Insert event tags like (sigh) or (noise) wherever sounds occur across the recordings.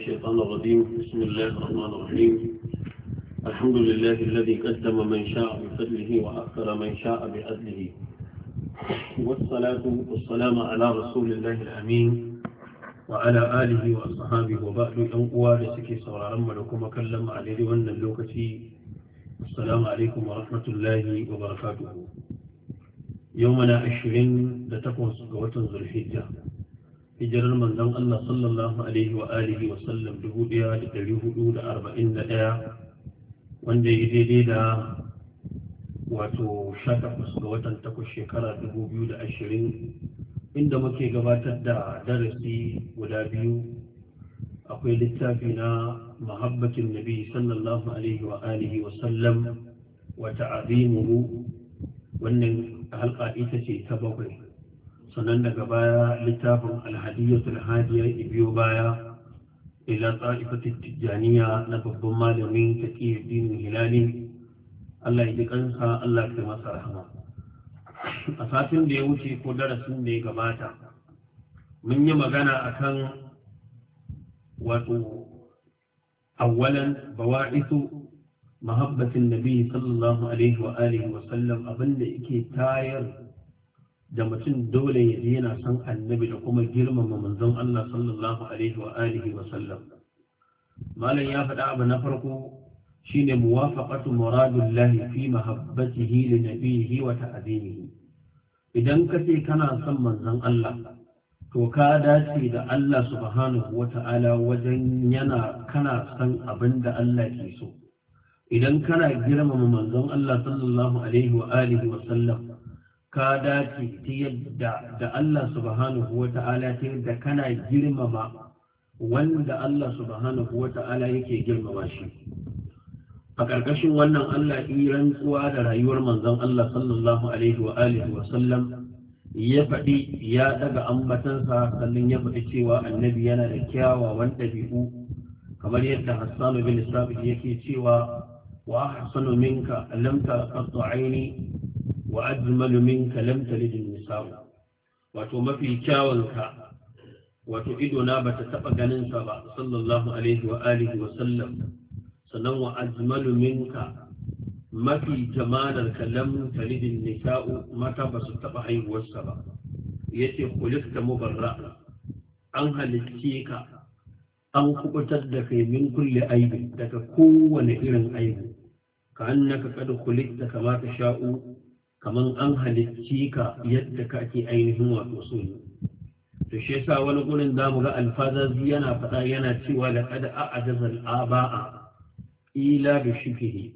الشيطان الرجيم بسم الله الرحمن الرحيم الحمد لله الذي قدم من شاء بفضله وأخر من شاء بأدله والصلاة والسلام على رسول الله الأمين وعلى آله وأصحابه وبعد أن أوالي سكي صورا لكم أكلم عليه وأن اللوكتي السلام عليكم ورحمة الله وبركاته يومنا عشرين لتكون سقوة ذو الحجة hijirar manzon Allah sallallahu alaihi wa alihi wa sallam 1441 wanda ya daidai da wato 18 ga watan takwas shekara 2020 inda muke gabatar da darasi guda biyu akwai littafi na mahabbatin nabi sallallahu alaihi wa alihi wa sallam wannan halka ita ce ta bakwai sannan daga baya littafin Alhadiyyar hadiya ibiyo baya ila tsa'ifatul tijjaniya na babban malamin dinin hilali Allah ya ji kansa Allah ya masa rahama a satin da ya wuce ko darasin da ya gabata mun yi magana akan wato awwalan bawa'isu mahabbatin nabi sallallahu alaihi wa alihi wa sallam abinda yake tayar da mutum dole ya je yana san annabi da kuma girmama manzon Allah sallallahu alaihi wa alihi wa sallam malam ya faɗa abu na farko shine muwafaqatu muradullahi fi mahabbatihi li nabiyhi wa ta'zimihi idan ka ce kana son manzon Allah to ka dace da Allah subhanahu wa ta'ala wajen yana kana son abinda Allah ke so idan kana girmama manzon Allah sallallahu alaihi wa alihi wa sallam ka dace ta yadda da Allah subhanahu wa ta'ala ta yadda kana girmama wanda Allah subhanahu wa ta'ala yake girmama shi a ƙarƙashin wannan Allah yi rantsuwa da rayuwar manzon Allah sallallahu alaihi wa alihi wa sallam ya faɗi ya ɗaga ambatansa sannan ya faɗi cewa annabi yana da kyawawan ɗabi'u kamar yadda Hassan bin Sabit yake cewa wa ahsanu minka Lamta taqta aini wa ajmalu minka lam talid an-nisa wato mafi kyawun ka wato idona na bata taba ganin sa ba sallallahu alaihi wa alihi wa sallam sannan wa ajmalu minka mafi jamalar ka lam talid an-nisa mata su taba haihuwar sa ba yace khuliqta mubarra an halicce ka an kubutar da kai min kulle aibi daga kowane irin aibi ka annaka kad khuliqta kama ta sha'u kamar an halicci ka yadda kake ainihin wato so ne to shi yasa wani gurin zamu ga alfazazi yana faɗa yana cewa da kada a ajazal aba'a ila bi shibhi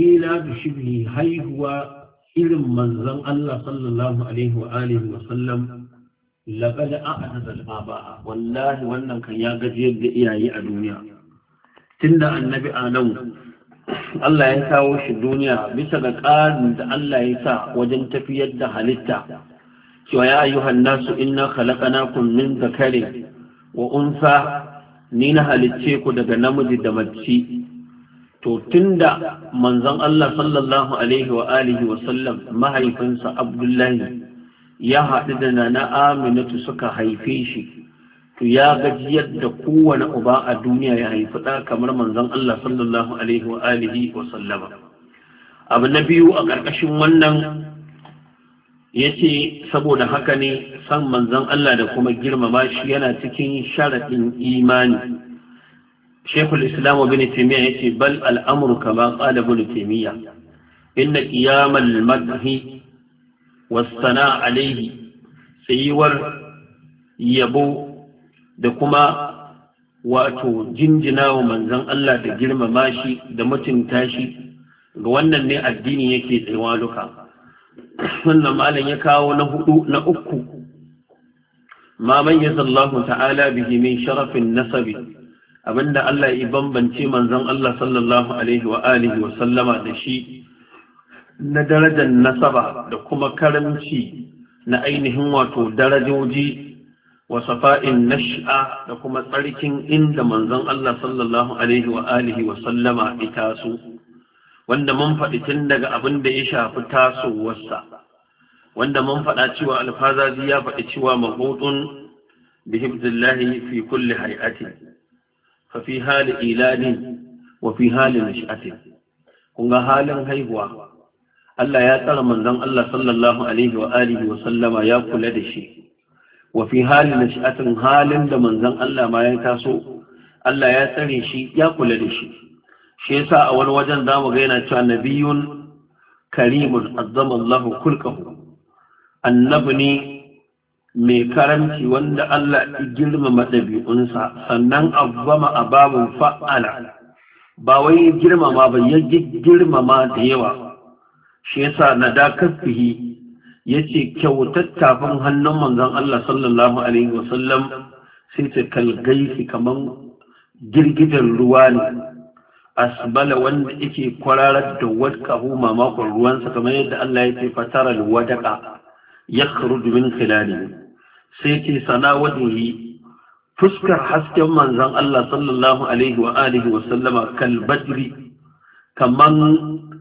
ila bi shibhi haihuwa irin manzon Allah sallallahu alaihi wa alihi wa sallam laqad a'jazal aba'a wallahi wannan kan ya gajiyar da iyaye a duniya tunda annabi Adamu Allah ya kawo shi duniya bisa ga ƙarin da Allah ya sa wajen tafiyar da halitta cewa ya ayyuhan nasu inna khalaqnakum min dhakarin wa unsa ni na halicce ku daga namiji da mace to da manzon Allah sallallahu alaihi wa alihi mahaifinsa Abdullahi ya haɗu da nana Aminatu suka haife shi to ya gaji yadda kowane uba a duniya ya haifi ɗa kamar manzon Allah sallallahu alaihi wa alihi wa sallama abu na biyu a ƙarƙashin wannan ya ce saboda haka ne san manzon Allah da kuma girmama shi yana cikin sharaɗin imani shekul islamu bin taimiyya ya ce bal al'amur ba ƙada bin taimiyya inda ƙiyamal madhi wasana alaihi tsayuwar yabo da kuma wato jinjina wa manzon Allah da girmama shi da mutunta shi ga wannan ne addini yake tsayawa duka wannan malam ya kawo na hudu na uku ma mayyaza Allah ta'ala bihi min sharafin nasabi abinda Allah ya bambance manzon Allah sallallahu alaihi wa alihi wa sallama da shi na darajar nasaba da kuma karamci na ainihin wato darajoji Wasafa'in safa'in nash'a da kuma tsarkin inda manzon Allah sallallahu alaihi wa alihi wa sallama ya taso wanda mun faɗi tun daga abin da ya shafi tasowarsa wanda mun faɗa cewa alfazazi ya faɗi cewa mahutun bi hibdillahi fi kulli hay'atin fa fi hali iladin wa fi hali nash'atin kun halin haihuwa Allah ya tsara manzon Allah wa alihi wa sallama ya kula da shi wa fi halin nashi'atin halin da manzon Allah ma ya taso Allah ya tsare shi ya kula da shi shi yasa a wani wajen zamu ga yana cewa nabiyun karimun azzama Allah kulqahu annabi ne mai karanci wanda Allah ya girmama ɗabi'unsa sannan azzama ababun fa'ala ba wai girmama ba ya girmama da yawa shi yasa na da ya ce kyautar tafin hannun manzan Allah sallallahu alaihi wasallam sai ta kalgaisi kamar girgidan ruwa ne asbala wanda yake kwararar da wadkahu mamakon ruwansa kamar yadda Allah ya ce fatarar wadaka ya kharudu min khilali sai ce sana wajihi fuskar hasken manzan Allah sallallahu alaihi kal kaman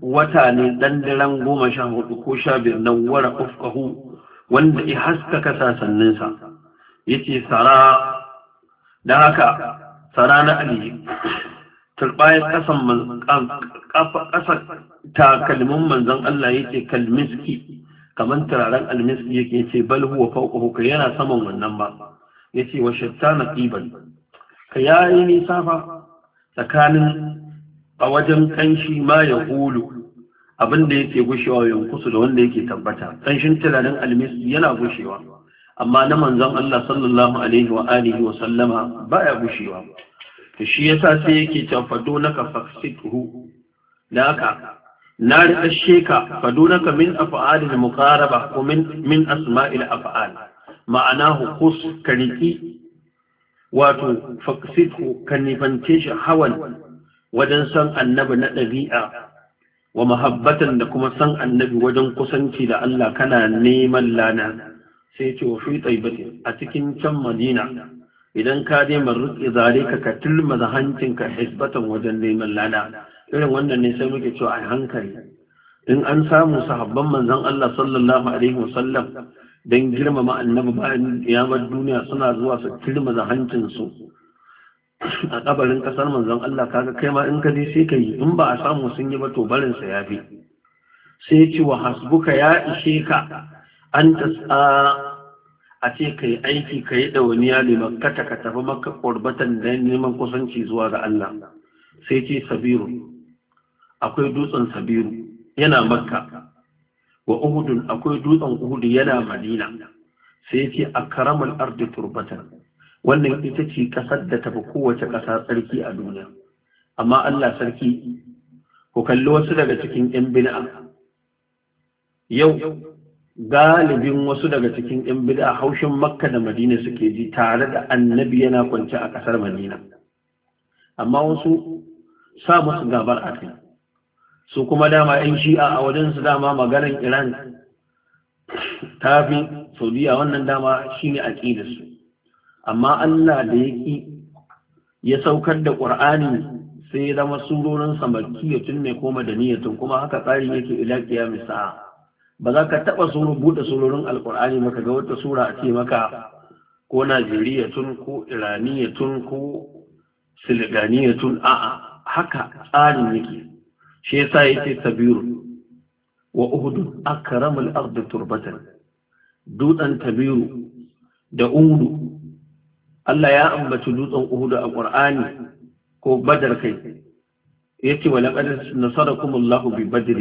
wata ne dandiran goma sha hudu ko sha biyar na wara ufkahu wanda ya haskaka sasanninsa ya ce tsara da haka tsara na aliyu turbayar ƙasan takalmin manzan Allah ya ce kalmiski kamar turaren almiski yake ce bal huwa fauqahu ka yana saman wannan ba ya yace wa shattana qiban ka yayi nisa fa tsakanin a wajen kanshi ma ya hulu abin yake gushewa yankusu da wanda yake tabbata kanshin tunanin almis yana gushewa amma na manzon Allah sallallahu alaihi wa alihi wa sallama baya gushewa to shi yasa sai yake cewa fado naka faksithu na rika sheka fado naka min af'alil muqaraba ko min min asma'il af'al ma'anahu kus kariki wato faksithu kanifance shi hawan wajen san annabi na ɗabi'a wa mahabbatan da kuma san annabi wajen kusanci da Allah kana neman lana sai ce wa fi tsaibati a cikin can madina idan ka je marruƙi zare ka ka tilma da hancinka hisbatan wajen neman lana irin wannan ne sai muke cewa a hankali in an samu sahabban manzon Allah sallallahu alaihi wasallam don girmama annabi bayan yamar duniya suna zuwa su tilma da su a kabarin kasar manzon Allah kaga kai ma in ka je sai ka yi in ba a samu sun yi ba to barin sa yafi sai ya ce wa hasbuka ya ishe ka an tas'a a ce ka yi aiki ka yi ɗauniya liman kata ka tafi maka ƙorbatan da neman kusanci zuwa ga Allah sai ce sabiru akwai dutsen sabiru yana makka wa uhudun akwai dutsen uhudu yana madina sai ce a karamar ardi turbatan wannan ita ce ƙasar da tafi kowace ƙasa tsarki a duniya amma Allah sarki ku kalli wasu daga cikin 'yan bid'a yau galibin wasu daga cikin 'yan bid'a haushin makka da madina suke ji tare da annabi yana kwance a ƙasar madina amma wasu sa musu gabar a kai su kuma dama 'yan shi'a a wajen su dama maganar iran ta fi saudiya wannan dama shine su. amma Allah da ya ya saukar da ƙur'ani sai ya zama surorin samarkiyatun ne ko madaniyatun kuma haka tsarin yake ila kiyamis ba za ka taɓa suru buɗe surorin alƙur'ani maka ga wata sura a ce maka ko najeriyatun ko iraniyatun ko siliganiyatun a'a haka tsarin yake shi yasa ce tabiru wa uhud akramul ardi turbatan dutsen tabiru da udu Allah ya ambaci dutsen Uhudu a Ƙur'ani ko Badar kai yace wa kuma nasarakumullahu bi Badr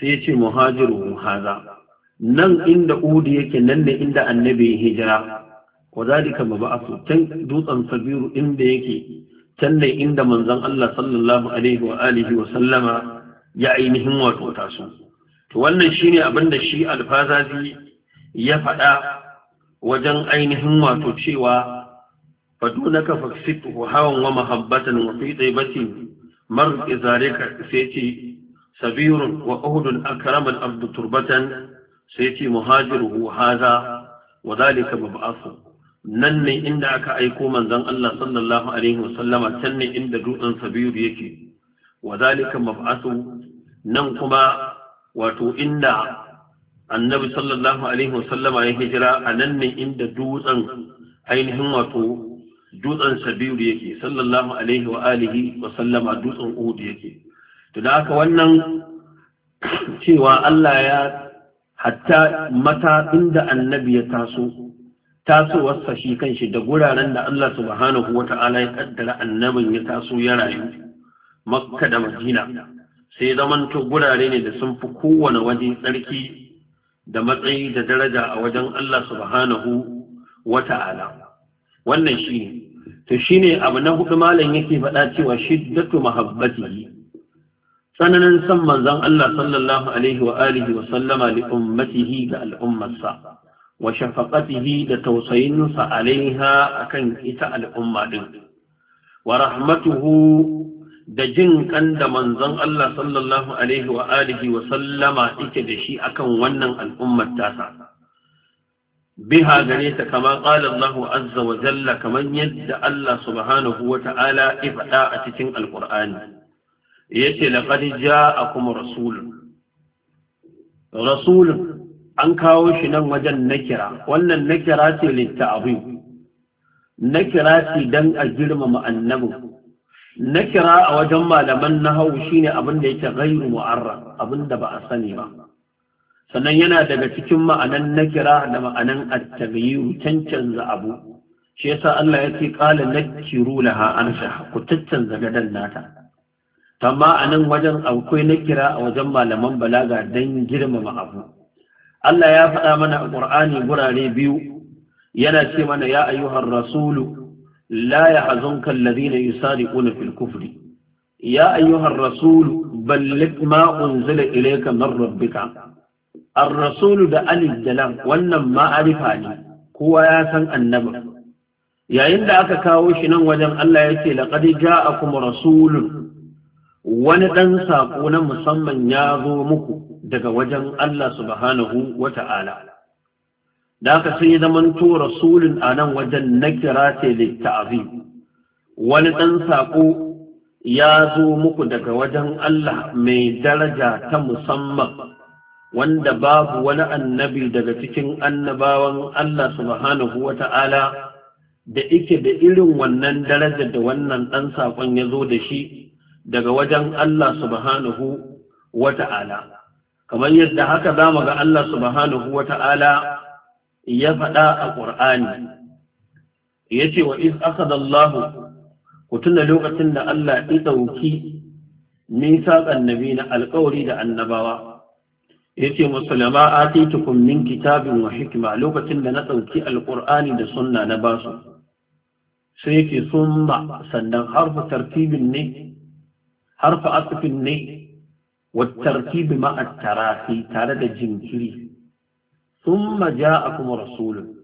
sai ce muhajiru haza nan inda Uhudu yake nan ne inda annabi hijira wa zalika mab'athu tan dutsen Sabiru inda yake can ne inda manzon Allah sallallahu alaihi wa alihi wa sallama ya ainihin wato taso to wannan shine abin da shi alfazazi ya faɗa wajen ainihin wato cewa fadunaka faksitu hawan wa mahabbatan wa fi taibati marqi ka, sai ce sabirun wa uhudun akramal abdu turbatan sai ce muhajiruhu haza wa zalika mab'asu nan ne inda aka aiko manzon Allah sallallahu alaihi wasallama can ne inda dutsen sabiru yake wa zalika mab'asu nan kuma wato inda annabi sallallahu alaihi wasallama ya hijira a nan ne inda dutsen ainihin wato dutsen sabiru yake sallallahu alaihi wa alihi wa dutsen uhud yake to da wannan (coughs) cewa Allah ya hatta mata inda annabi ya taso tasowarsa shi kanshi da guraren da Allah subhanahu wa ta'ala ya kaddara annabin ya taso ya rayu makka da madina sai zamanto gurare ne da sun fi kowane waje tsarki da matsayi da daraja a wajen Allah subhanahu wa ta'ala wannan shi ne to shi ne abu na hudu malam yake faɗa cewa shiddatu mahabbati tsananin san manzon Allah sallallahu alaihi wa alihi wa sallama li ummatihi ga al'ummarsa wa shafaqatihi da tausayinsa alaiha akan ita al'umma ɗin, wa rahmatuhu da jin kan da manzon Allah sallallahu alaihi wa alihi wa sallama yake da shi akan wannan al'ummar tasa biha gare ta kama qala Allah azza wa jalla kamar yadda Allah subhanahu wa ta'ala ya faɗa a cikin alqur'ani yace a kuma rasulun rasulun an kawo shi nan wajen nakira wannan nakira ce litta'abi nakira ce dan a girmama annabi nakira a wajen malaman nahawu shine abin da yake ghairu mu'arra abin da ba a sani ba sannan yana daga cikin ma'anan nakira da ma'anan at-taghyiru cancanza abu shi yasa Allah yake qala nakiru laha arsha ku cancanza gadan nata amma anan wajen akwai nakira a wajen malaman balaga dan girmama abu Allah ya faɗa mana a ƙur'ani gurare biyu yana ce mana ya ayyuhar rasulu لا يحزنك الذين يسارقون في الكفر يا أيها الرسول بلغ ما أنزل إليك من ربك الرسول ده ألف دلام wannan ma'arifa ne kowa ya san annabi yayin da aka kawo shi nan wajen Allah ya ce a kuma rasulun wani ɗan saƙo na musamman ya zo muku daga wajen Allah subhanahu wata'ala da aka sai zaman to rasulun a nan wajen na kira ce littafi wani ɗan saƙo ya zo muku daga wajen Allah mai daraja ta musamman wanda babu wani annabi daga cikin annabawan Allah subhanahu wa ta'ala da ike da irin wannan daraja da wannan ɗan saƙon ya zo da shi daga wajen Allah subhanahu wa ta'ala. Kamar yadda haka za mu ga Allah subhanahu wa ta'ala ya faɗa a ƙur'ani ya ce wa iz akhadha ku tuna lokacin da Allah ya nisa misaqan na alƙawari da annabawa yace musulama atitukum min kitabin wa hikima lokacin da na ɗauki alƙur'ani da sunna na basu sai yake summa sannan harfu tartibin ne harfu asfin ne wa tartibi ma'a tarafi tare da jinkiri a kuma rasulun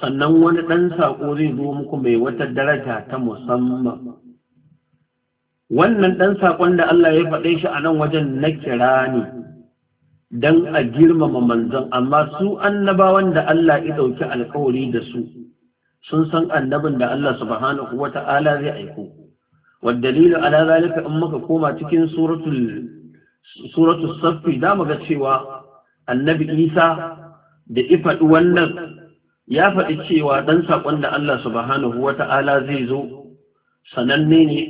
sannan wani ɗan saƙo zai zo muku mai wata daraja ta musamman wannan ɗan saƙon da Allah ya faɗe shi a nan wajen na kira ne don a girmama manzon amma su annabawan da Allah ya ɗauki alkawari da su sun san annabin da Allah subhanahu wa ta'ala zai aiko waddalilu ala zalika in muka koma cikin suratul suratul za da ga cewa annabi Isa da ifaɗi wannan ya faɗi cewa ɗan saƙon da Allah subhanahu wa ta'ala zai zo sananne ne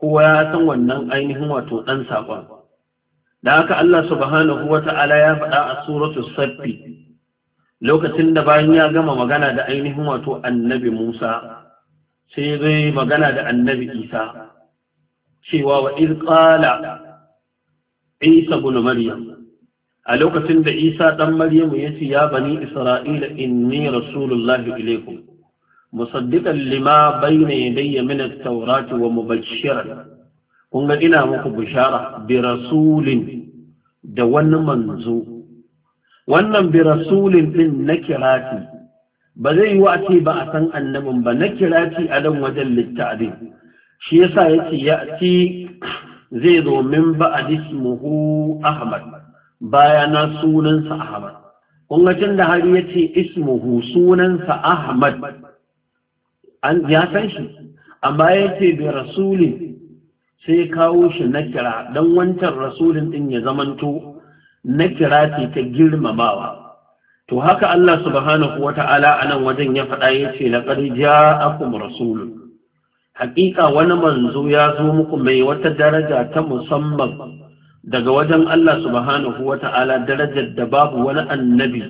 kowa ya san wannan ainihin wato ɗan saƙon da haka Allah subhanahu wa ta'ala ya faɗa a suratu saffi lokacin da bayan ya gama magana da ainihin wato annabi Musa sai zai magana da annabi Isa cewa wa iz qala Isa ibn Maryam a lokacin da isa ɗan maryamu ya ce ya bani isra'ila inni rasulullahi ilaikum musaddiqan lima bayna yadayya min at-taurati wa mubashiran kun ga ina muku bishara bi rasulin da wani manzo wannan bi rasulin din na kirati ba zai yi wa ce ba a san annabin ba na kirati a dan wajen litta'adin shi yasa yace ya'ti zai zo min ba'd ismuhu ahmad baya na sunansa Ahmad kun da har ya ce ismuhu sunansa Ahmad an ya san shi amma ya ce bi rasulin sai kawo shi na kira don wancan rasulin ɗin ya zamanto na kira ce ta girmamawa to haka Allah subhanahu wata'ala a nan wajen ya faɗa ya ce laqad ja'akum rasulun Hakika wani manzo ya zo muku mai wata daraja ta musamman daga wajen Allah subhanahu wa ta'ala darajar da babu wani annabi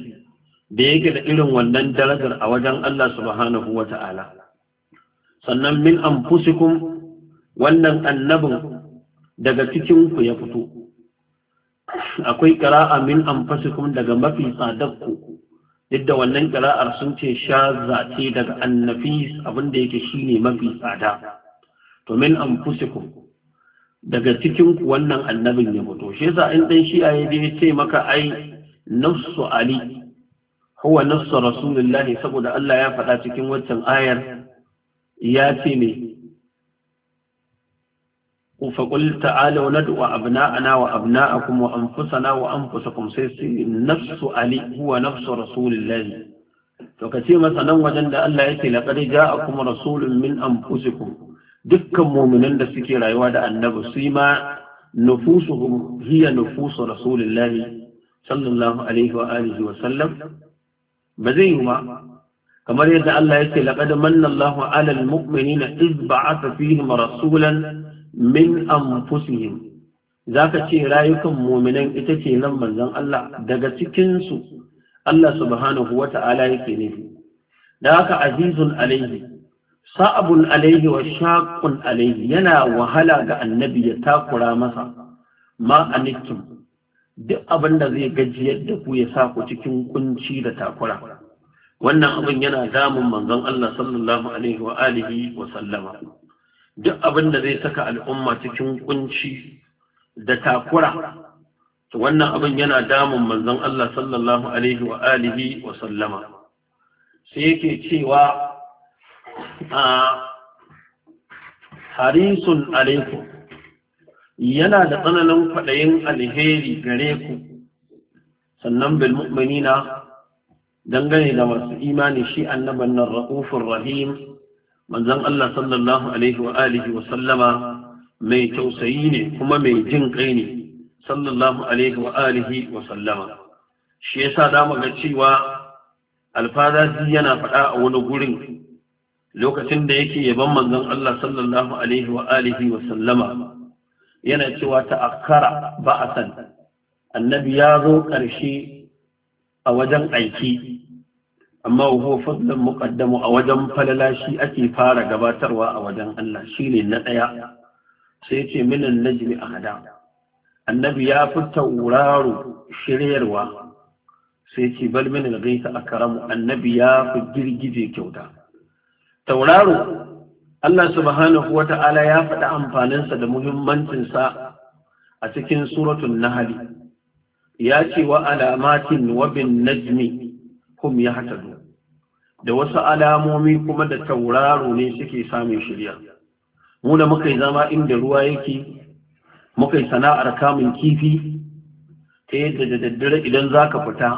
da yake da irin wannan darajar a wajen Allah subhanahu wa ta'ala. Sannan min an wannan annabin daga cikinku ya fito. Akwai ƙira'a min an daga mafi tsadarku, duk da wannan ƙira'ar sun ce sha zace daga annafis abinda yake shine mafi tsada. To min an fusikun daga cikinku wannan annabin ya fito shi yasa in dan shi ya dai ce maka ai nafsu ali huwa nafsu rasulullah saboda Allah ya faɗa cikin waccan ayar ya ce ne fa qul ta'ala wa nad'u abna'ana wa abna'akum wa anfusana wa anfusakum sai sai nafsu ali huwa nafsu rasulullah to kace masa nan wajen da Allah yake a kuma rasulun min anfusikum dukkan muminan da suke rayuwa da annabi su yi ma nufusuhum hiya nufusu rasulillahi sallallahu alaihi wa alihi wa sallam ba zai yi ba kamar yadda Allah yake laqad manna Allahu 'alal mu'minina iz ba'atha fihim rasulan min anfusihim zaka ce rayukan muminan ita ce nan manzon Allah daga cikin su Allah subhanahu wata'ala yake ne da haka azizun alaihi sa'abun alaihi wa shaƙun alaihi yana wahala ga annabi ya takura masa ma a nikin. duk abin da zai gajiyar da ku ya sa ku cikin kunci da takura wannan abin yana damun manzon Allah sallallahu alaihi wa alihi wa sallama duk abin da zai saka al'umma cikin kunci da takura wannan abin yana damun manzon Allah sallallahu alaihi wa alihi wa sallama sai yake cewa harisun yana da tsananin kwaɗayin alheri gare ku sannan bilmu'minina dangane da masu imani shi annaban nan ra'ufin rahim manzan Allah sallallahu alaihi wa alihi wa sallama mai tausayi ne kuma mai jin kai ne sallallahu alaihi wa alihi wa sallama shi yasa da ga cewa alfazazi yana faɗa a wani gurin lokacin da yake yaban manzon Allah sallallahu alaihi wa alihi wa sallama yana cewa ta'akkara ba'atan annabi ya zo ƙarshe a wajen aiki amma huwa fadlan muqaddamu a wajen falala shi ake fara gabatarwa a wajen Allah shine na daya sai ce minan najmi ahada annabi ya fi tauraro shiryarwa sai ce bal min al akramu annabi ya fi girgije kyauta tauraro Allah subhanahu wa ta'ala ya faɗi amfaninsa da muhimmancinsa a cikin suratun nahali ya ce wa alamatin wa najmi kum ya hatadu da wasu alamomi kuma da tauraro ne suke samun shirya mu da muka yi zama inda ruwa yake muka yi sana'ar kamun kifi ta yadda da daddare idan za ka fita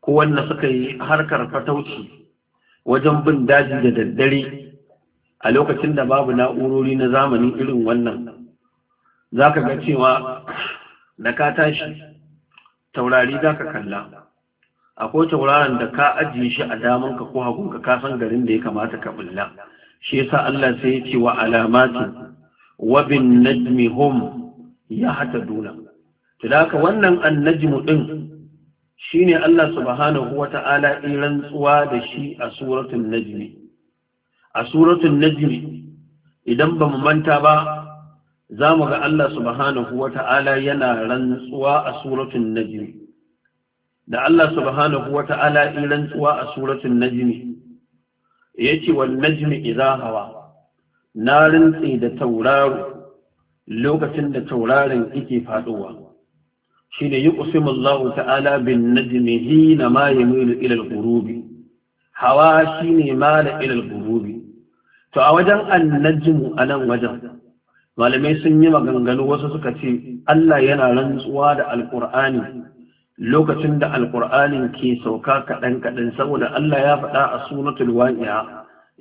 ko wanda suka yi harkar fatauci wajen bin daji da daddare a lokacin da babu na'urori na zamani irin wannan za ka ga cewa da ka tashi taurari za ka kalla akwai tauraron da ka ajiye shi a damanka ko hagunka ka san garin da ya kamata ka bulla shi yasa Allah sai ya ce wa alamati wa bin najmi hum ya hata duna to da wannan annajmu din shine Allah subhanahu wata'ala in rantsuwa da shi a suratul najmi a suratul najmi idan ba mu manta ba za mu ga Allah subhanahu wata'ala yana rantsuwa a suratul najmi da Allah subhanahu wata'ala in rantsuwa a suratul najmi yace wan najmi idha hawa na rantsi da tauraro lokacin da taurarin yake faɗowa shine yuqsimu Allah ta'ala bin najmi hina ma yamilu ila al-ghurubi hawa shine mala ila al-ghurubi to a wajen an a anan wajen malamai sun yi maganganu wasu suka ce Allah yana rantsuwa da alƙur'ani lokacin da alkur'anin ke sauka kaɗan kaɗan saboda Allah ya faɗa a sunatul waqi'a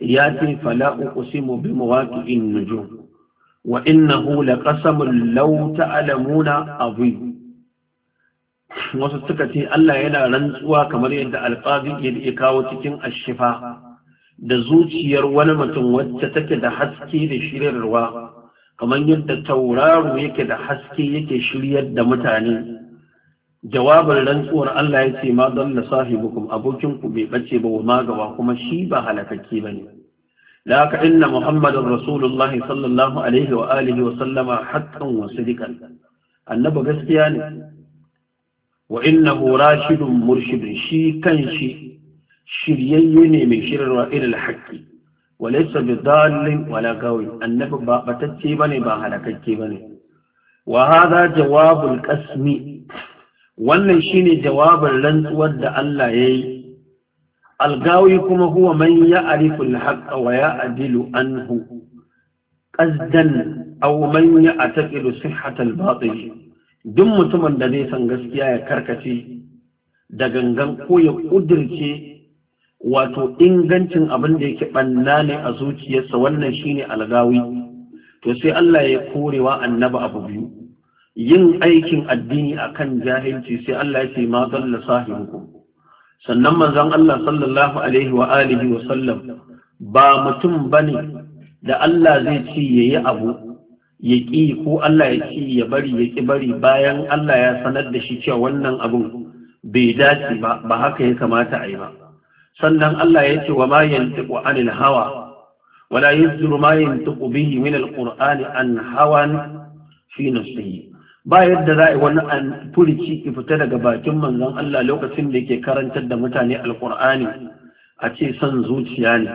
ya ce fala uqsimu bi mawaqi'in nujum wa innahu laqasamun law ta'lamuna azim wasu suka ce Allah yana rantsuwa kamar yadda ke ya kawo cikin ashifa da zuciyar wani mutum wacce take da haske da shiryarwa kamar yadda tauraro yake da haske yake shiryar da mutane jawabin rantsuwar Allah ya ce ma na sahibukum abokin ku bai bace ba wa gawa kuma shi ba halakakke bane da haka inna muhammadar rasulullah sallallahu alaihi wa alihi wa sallama haqqan wa sidqan annabi gaskiya ne wa innahu rashidun murshidun shi kanshi shiryayye ne mai shirarwa ilal haqqi walaysa bidallin wala gawi annabi ba batacce bane ba halakakke bane wa hadha jawabul qasmi wannan shine jawabin rantsuwar da Allah ya yayi algawi kuma huwa man ya'rifu al-haqqa wa ya'dilu anhu qasdan aw man ya'taqidu sihhatal batil duk mutumin da zai san gaskiya ya karkace da gangan ko ya ƙudirce wato ingancin abin da yake ɓanna ne a zuciyarsa wannan shine algawi to sai Allah ya korewa annaba abu biyu yin aikin addini akan jahilci sai Allah ya ce ma dalla sahibukum sannan manzon Allah sallallahu alaihi wa alihi wa sallam ba mutum bane da Allah zai ce yayi abu ya ƙi ko Allah ya ƙi ya bari ya ƙi bari bayan Allah ya sanar da shi cewa wannan abun bai dace ba ba haka ya kamata a yi ba sannan Allah ya ce wa ma yantiqu anil hawa wala yuzru ma yantiqu bihi min alqur'ani an hawan fi nafsihi ba yadda za a wani an furici ki fita daga bakin manzon Allah lokacin da yake karantar da mutane alqur'ani a ce son zuciya ne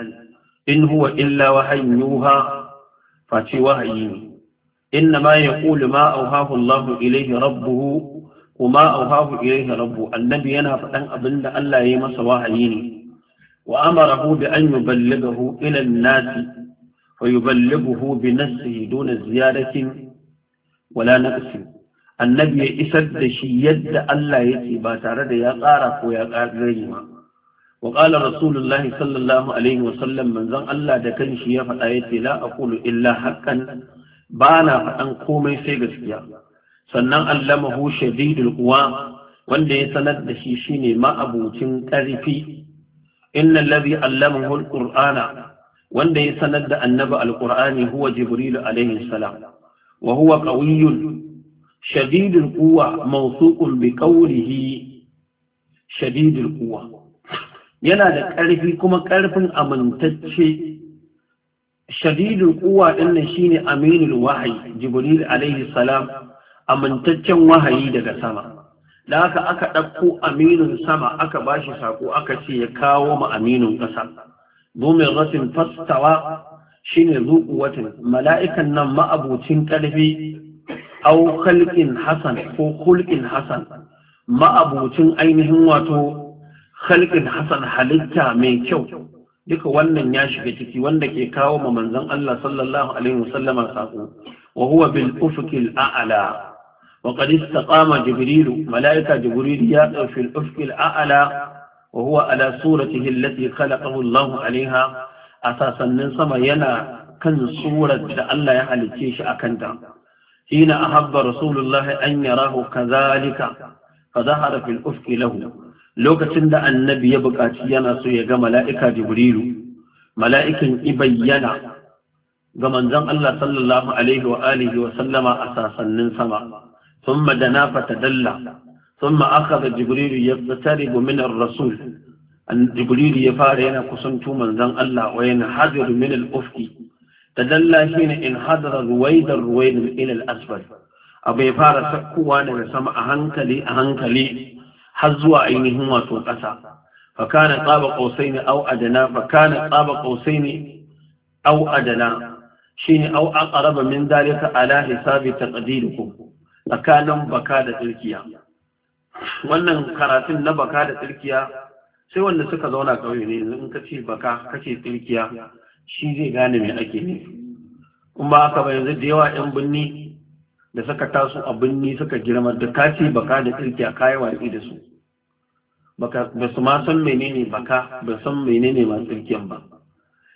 in huwa illa wahayuha face wahayi ne إنما يقول ما أوهاه الله إليه ربه وما أوهاه إليه ربه النبي أنا أظن أبن لا يمس وحييني وأمره بأن يبلغه إلى الناس ويبلغه بنفسه دون زيادة ولا نقص النبي إسد شيد أن ألا يتي باترد يا قارف ويا قارف وقال رسول الله صلى الله عليه وسلم من ذن الله دكنش يفتا يتي لا أقول إلا حقا ba na faɗan komai sai gaskiya sannan allamahu shadidul quwa wanda ya sanar da shi shine ma'abucin ƙarfi innal ladhi allamahu alqur'ana wanda ya sanar da annabi alqur'ani huwa jibril alaihi salam wa huwa qawiyyun shadidul quwa mawsuqun bi qawlihi shadidul quwa yana da ƙarfi kuma ƙarfin amintacce shadidul quwa din nan shine aminul wahayi jibril alaihi salam amintaccen wahayi daga sama da haka aka ɗauko aminin sama aka bashi sako aka ce ya kawo mu aminin ƙasa domin rasin fastawa shine zuku watan mala'ikan nan ma'abocin ƙarfi au khalqin hasan ko khulqin hasan ma'abocin ainihin wato khalqin hasan halitta mai kyau duka wannan ya shiga ciki wanda ke kawo ma manzon Allah sallallahu alaihi wasallam sako wa huwa bil a'la wa qad istaqama jibril malaika jibril ya tsaya fil ufqil a'la wa huwa ala suratihi allati khalaqahu Allah alaiha asasannin sama yana kan surar da Allah ya halicce shi akan ta hina ahabba rasulullahi an yarahu kadhalika فظهر في الأفق له lokacin da annabi ya buƙaci yana so ya ga mala'ika jibrilu mala'ikan ibayyana ga manzon Allah sallallahu alaihi wa alihi wa sallama a sasannin sama thumma dalla sun thumma akhadha jibrilu ya min ar-rasul jibrilu ya fara yana kusantu manzon Allah wa yana hadiru Ofki. al Dalla shi shine in hadara ruwaidar ruwaidar ila al Abu ya fara sakkuwa daga sama a hankali a hankali har zuwa ainihin wato ƙasa fakana tsaba kausai ne au adana fakana tsaba kausai ne au adana shine au aqraba min dalika ala hisabi taqdirukum tsakanin baka da tsirkiya wannan karatun na baka da tsirkiya sai wanda suka zauna kauye ne in ka ce baka kace tsirkiya shi zai gane me ake ne in ba aka ba yanzu da yawa yan binni da suka taso a binni suka girma da kace baka da tsirkiya kai watsi da su ba su ma san menene baka ba san menene ma tsirkiyar ba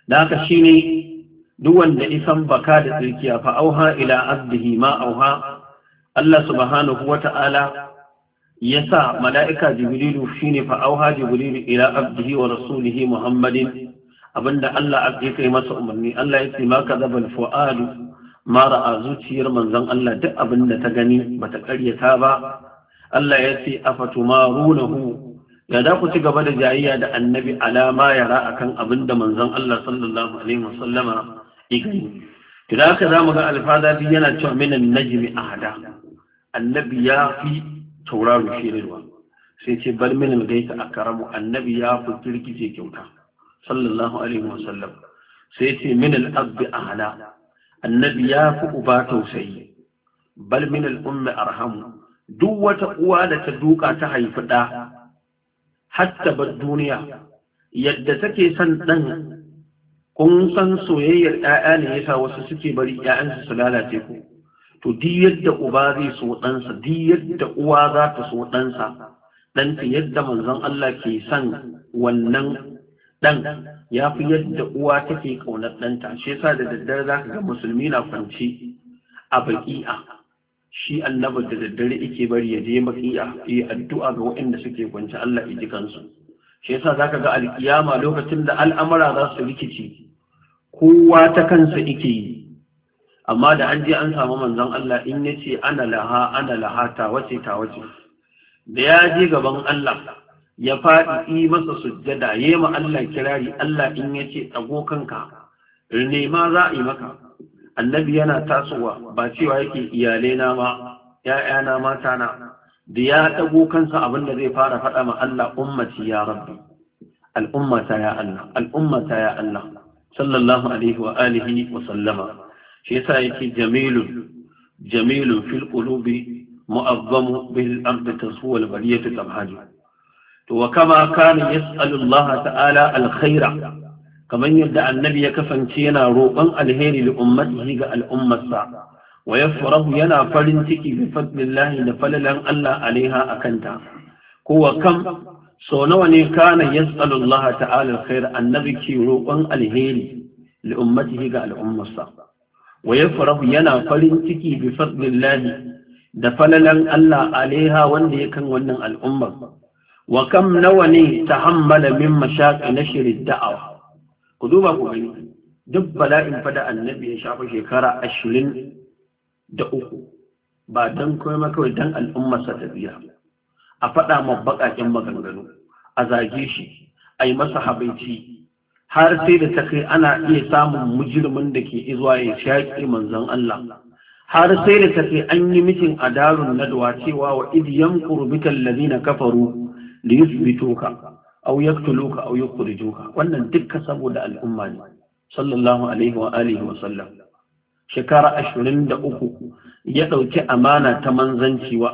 da haka shine duk wanda isan baka da tsirkiya fa auha ila abdihi ma auha Allah subhanahu wata'ala ya sa mala'ika jibrilu shine fa auha jibrilu ila abdihi wa rasulihi muhammadin abinda Allah ya kai masa umarni Allah ya ce ma kadabal fu'adu mara a zuciyar manzon Allah duk abinda ta gani bata karyata ba Allah ya ce afatumarunahu ya za ku ci gaba da jayayya da annabi alama yara akan abin da manzon Allah sallallahu alaihi wasallama ya gani idan aka zamu ga alfadati yana cewa minan a hada, annabi ya fi tauraro shi ruwa sai ce bal minal gaita karamu, annabi ya fi kirkice kyauta sallallahu alaihi wasallam sai ce minal abbi ahada annabi ya fi uba tausayi bar minal ummi arhamu duk wata uwa da ta duka ta haifi ɗa hatta bar duniya yadda take son ɗan kun san soyayyar ‘ya'ya ne yasa wasu suke bari ‘ya'yansu su lalace ku to di yadda uba zai so ɗansa di yadda uwa za ta so ɗansa ɗanta yadda manzon Allah ke son wannan ɗan ya fi yadda uwa take ƙaunar ɗanta shi yasa da daddare za ka ga musulmi na kwanci a baki'a shi annabi da daddare ike bari ya je makiya yi addu'a ga waɗanda suke kwanci Allah ya ji kansu shi yasa zaka ga alkiyama lokacin da al'amara za su rikici kowa ta kansa ike yi amma da an je an samu manzon Allah in yace ana laha ana laha ta wace ta wace da ya je gaban Allah ya faɗi yi masa sujjada yema Allah kirari Allah in yace tsago kanka nema za a yi maka annabi yana tasowa ba cewa yake iyalaina ma ‘ya'yana mata na da ya ɗago kansa abin da zai fara faɗa ma Allah ummati ya rabbi al'ummata ya Allah al'ummata ya Allah sallallahu alaihi wa alihi wa sallama shi yasa yake jamilun jamilun fil qulubi mu'azzamu bil ardi taswa al bariyatu to wa kama kana yas'alu Allah ta'ala al khaira kamar yadda annabi ya kasance yana roƙon alheri li ummatihi ga al'ummarsa wa farahu yana farin ciki bi fadlillahi da falalan Allah alaiha akanta kowa kam sau nawa ne kana yas'alu Allah ta'ala alkhair annabi ke roƙon alheri li ummatihi ga al'ummarsa wa farahu yana farin ciki bi fadlillahi da falalan Allah alaiha wanda ya kan wannan al'ummar wa kam nawa ne tahammala min mashaqi nashri da'awa ku duba ku gani duk bala'in fada annabi ya shafa shekara ashirin da uku ba don kuma kawai don al'ummarsa ta biya a faɗa ma baƙaƙen maganganu a zage shi a yi masa habaici har sai da ta kai ana iya samun mujirmin da ke izuwa ya shaƙi manzon Allah har sai da ta kai an yi mitin a darun nadwa cewa wa idiyan kurbitan lazina kafaru da toka. aw yaqtuluka aw yukhrijuka wannan dukka saboda al'umma ne sallallahu alaihi wa alihi wa sallam shekara ashirin da uku ya ɗauki amana ta manzanci wa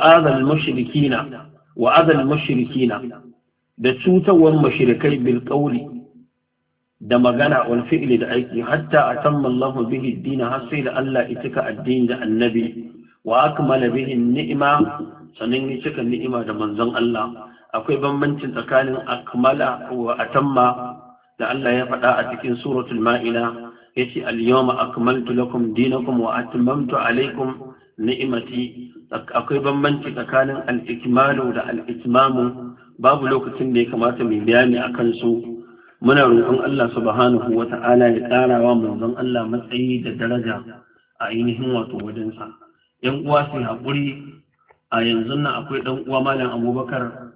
azal mashirikina wa mashirikina da cutarwar mashirikai bil da magana wal fi'li da aiki hatta atamma Allahu bihi ad har sai da Allah ya cika addini da annabi wa akmala bihi ni'ima sannan ya cika ni'ima da manzon Allah akwai bambancin tsakanin akmala wa atamma da Allah ya faɗa a cikin suratul ma'ina. yace al-yawma akmaltu lakum dinakum wa atmamtu alaykum akwai bambanci tsakanin al-ikmalu da al-itmamu babu lokacin da ya kamata mai bayani akan su muna roƙon Allah subhanahu wa ta'ala ya ƙara wa manzon Allah matsayi da daraja a ainihin wato wajensa ‘yan uwa su haƙuri a yanzu nan akwai ɗan uwa malam abubakar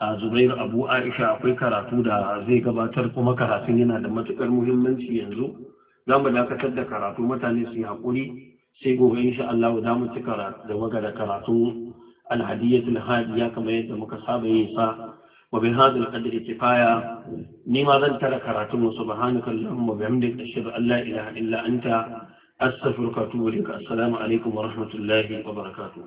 a zubairu abu aisha akwai karatu da zai gabatar kuma karatun yana da matukar muhimmanci yanzu za mu dakatar da karatu mutane su yi haƙuri sai gobe insha Allah za mu ci da waga da karatun alhadiyatul ya kamar yadda muka saba yin sa wa bi hadal qadri kifaya ni ma zan tara karatun wa subhanaka allahumma bihamdika ashhadu an la ilaha illa anta astaghfiruka wa atubu ilaik assalamu alaikum wa rahmatullahi wa barakatuh